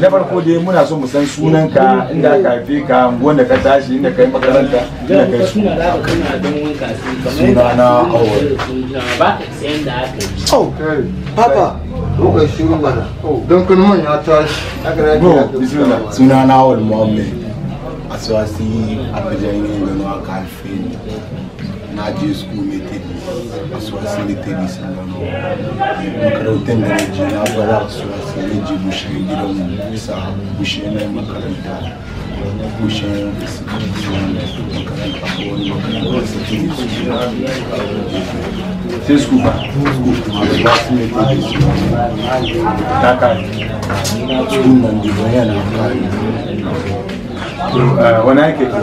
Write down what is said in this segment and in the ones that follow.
na farko dai muna so mu san sunanka inda aka haife ka wanda ka tashi inda kai makaranta inda kai suna na awal oh papa Muka shiru mana. Don kun man ya tashi. Suna na awal Muhammad. Aswasi Abuja ne da na a haife ni. na je school mai tebi a suwasi ne tebi sannan makarantar da na je na a suwasi ka zai ji bushe mu bisa bushe na makaranta wani bushe wanda makaranta ko wani makaranta wani sakin su sai su ba su ma ba su ne ta ke su ta ka cikin nan da yana fari wani ake ne da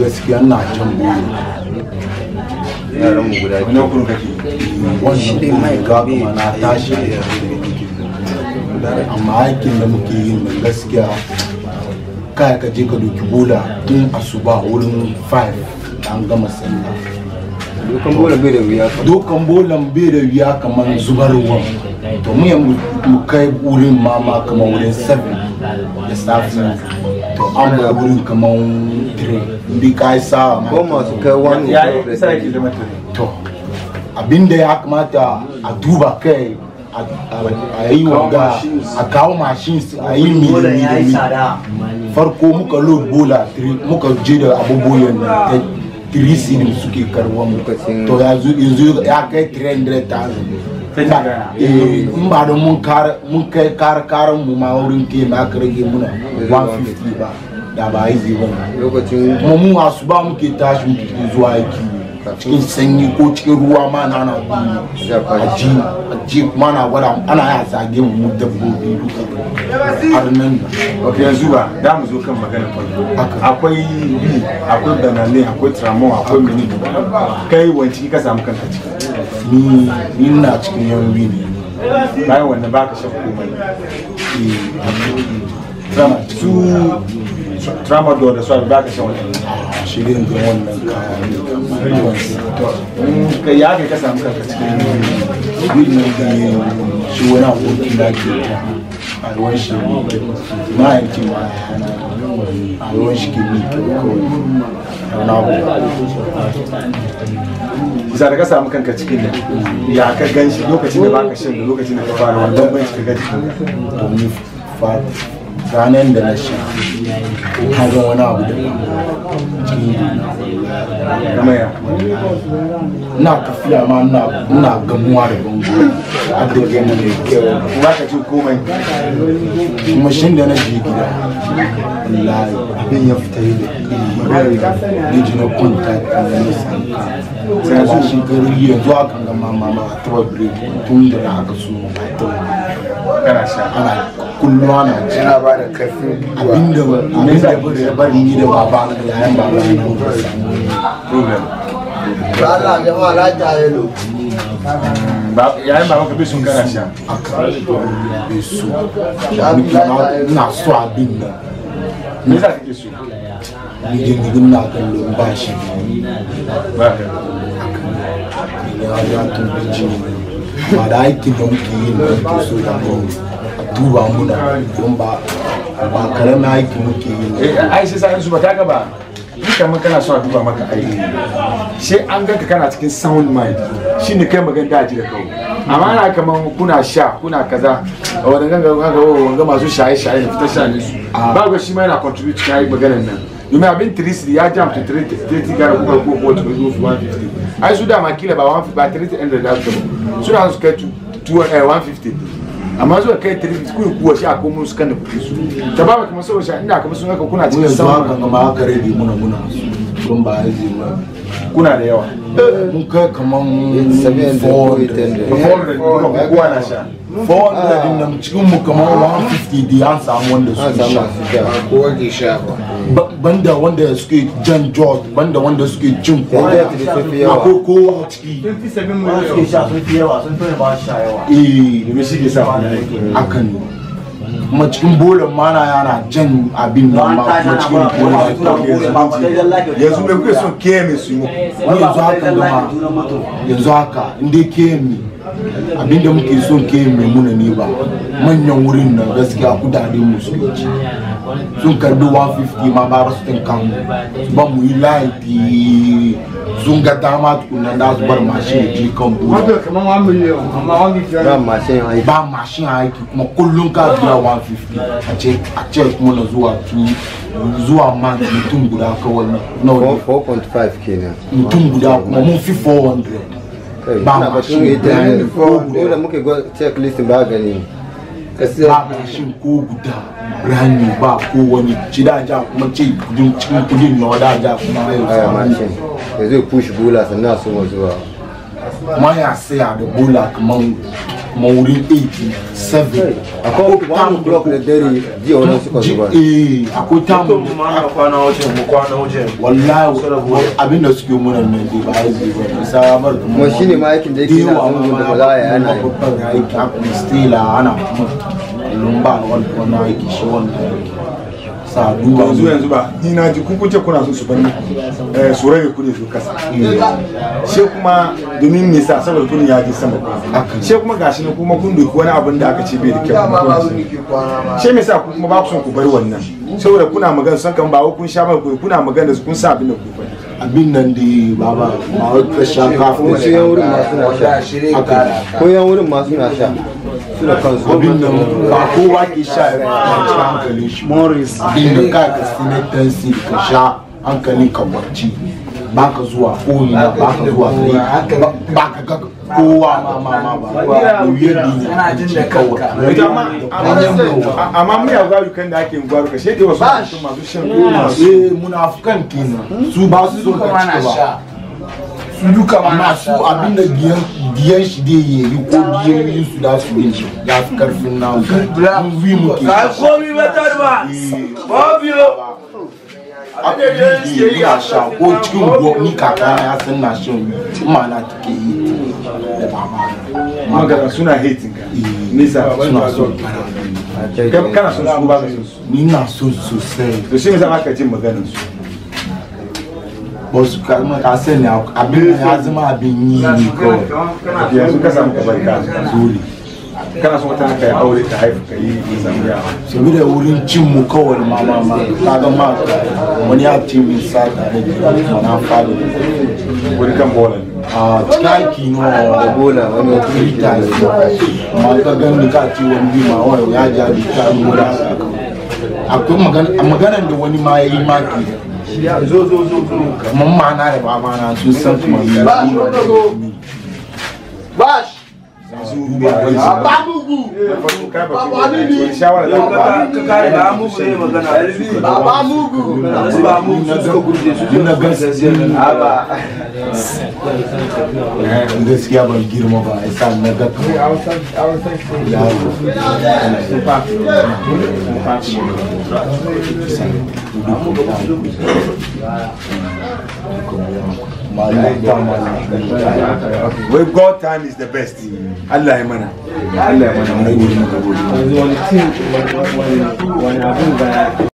gaskiya na can buru yaran mu guda biyu wani shi dai mai gabi na tashi da yare amma aikin da muke yin mai gaskiya kai ka je ka doki bola tun asuba wurin 5 da an gama sallah dokan bola bai da wuya dokan bolan bai da wuya kamar zubarwa to mu yanzu mu kai wurin mama kamar wurin 7 da safi to an ga wurin kamar 3 bi kai sa goma su kai wani ya sai kilomita to abinda ya kamata a duba kai a yi wanga a kawo machines a yi miliyoyi farko muka load bola muka je da abubuwan da tirisi ne suke karuwa muka to yanzu ya kai 300,000 eh, in ba da mun kai karkaran mu ma wurin ke ma aka muna 150 ba da ba yi zai ba kuma mu asuba muke tashi muke zuwa aiki cikin sanyi ko cikin ruwa ma na na ji a ji kuma na gwada ana ya zage mu dabbobi duka har nan ok yanzu ba da mu zo kan magana farko akwai bi akwai banane akwai tramo akwai mini kai wanci ka samu kanka ciki ni ni na cikin yan bi ne bayan wannan baka shan komai eh trama su da su baka shi ne ga wannan kayan kai ya ka samu kanka cikin wannan gane shi wani abokin da ke ta a ruwan shi ma'aikin ma a shi ke bi kawai na abu za ka samu kanka cikin da ya ka gan shi lokacin da baka shan da lokacin da ka fara wannan bai ka gan domin ranar da na shi hagan wani abu da ya na tafiya ma na gamuwa da bango a dogon mu ne ba ka ci komai kuma shin da na je gida wallahi abin ya fita yi da ni ji na kwanta a wani sanka sai ba shi gari yanzu a kan gama mama a tawa tun da na haka su kana sha ana kunnuwa na yana ba da karfin gwiwa abinda abinda ya bari ni da baba na da yayan baba na ko problem Allah jama'a la ta yelo yayin ba maka bisun gana shi a kare bisu na so abin da me za ka ke so ni je ni gunna kallo ba shi ba ka ya ya tun bincin ba da aikin da muke yi na so da ba duba muna don ba ba karamin aiki muke yi eh, ai sai sai su ba kaga gaba ni kamar kana so a duba maka aiki sai an ka kana cikin sound mind shine kai magan da ji da kawo amma ana kaman kuna sha kuna kaza a wani ganga ganga wanga masu shaye shaye fita sha ne su ah. ba ga shi ma yana contribute kai maganar nan domin abin tirisiri ya jam to 30 gara kuka ko ko to zo su 150 ai su da makila ba 150 ba 30 ɗin da za su suna su kai 150 amma zuwa kai tiri ku kuwa shi a komo su kan da kuke su ta ba kamar saboda inda kamar sun haka kuna cikin sama ka ma haka rabi muna muna tun ba ba kuna da yawa mun kai kaman 400 din nan cikin mu kaman 150 an samu wanda su sha kowa ke sha banda wanda suke jan george banda wanda suke cin kowa ko kowa ciki suke sha sun fi yawa sun fi ba sha yawa eh da shi ke sa akan kuma cikin bolan ma na yana jan abin nan ma kuma cikin bolan yanzu me kuke son keme su yi ni yanzu haka da ma yanzu haka inda keme abin da muke son keme muna ne ba manyan wurin nan gaskiya kudaden mu su ci sun karbi 150 ma ba rasu kan ba mu yi laifi sun ga dama tukunan da su bar mashin ya je kan buwa wato kamar wa miliyan amma wa ba mashin aiki ba mashin aiki kuma kullum ka biya 150 a ce a ce kuma na zuwa zuwa man mutum guda kawai na 4.5 kenan mutum guda kuma mun fi 400 ba mashin dole muke checklist ba gani ba mashin ko guda rani ba ko wani ci da ja kuma ce kudin cikin kudin ja kuma zai ya zo push bola sannan su ma zuwa maya bula da bola kaman maurin 87 akwai one block da dare jiya wani suka a eh akwai tamu ma kwana waje mu kwana waje wallahi abin da suke muna nan dai ba zai ba sa bar kuma shine ma yakin da yake na mun da za ya ana yi ana stila ana lumba wannan aiki shi wannan saduwa yanzu yanzu ba ni na ji kukunce kuna so su bani eh su rage ne su kasa she kuma domin me sa saboda kun ya ji sama kuma she kuma gashi ne kuma kun doki wani abin da aka ce bai da kyau she me sa kuma ba ku son ku bar wannan saboda kuna magana san kan ba kun sha ba kuna magana kun sa abin da ku faɗi abin nan da baba ba wata shaka ko yan wurin masu na sha ko yan wurin masu na sha da kansu abin nan ba kowa ke sha ya kwanci hankalin shi morris inda ka ka sinatansi ka sha hankalin ka barci ba ka zuwa koyi ba ka zuwa gari ba ka ga kowa ma ma ma ba wuyar duniya jin da kawai amma muna gwarukan da ake gwaruka shi ne wasu masu shan goma munafukan kenan su ba su zo ka cika ba duka masu abin da biyan shi dai ya yi ko biyan su da su yin shi ya fi karfin na mun wi mu ke ka komi matar ba babiyo abin da ya yi a sha ko cikin gwamni kaka ya san na shan ma na take yi da baba magana suna hating ka eh, nisa suna so kana son su ba ka son su ni na so sosai to shi ne zama ka jin maganar su wasu kalmar ka sani abin ya zama abin yi ne kawai yanzu ka samu kamar ka zuri kana so wata ka yi aure ka haifu ka yi samu yara saboda wurin cin mu kawai ma ma ma ka ga ma n'i ya ce min sa tare da mana fado wani kan bola a taki no da bola wani rita ne amma ka gani ka ci wani bi ma o ya kan a ko akwai maganar da wani ma ya yi maki zo zo zo zo kamar mana da babana sun san kuma ba shi ba shi ba mugu gaskiya ban girma ba a isa na ga Where God time is the best. Allah ya mana Allah ya mana mu gode maka gode wani abin ba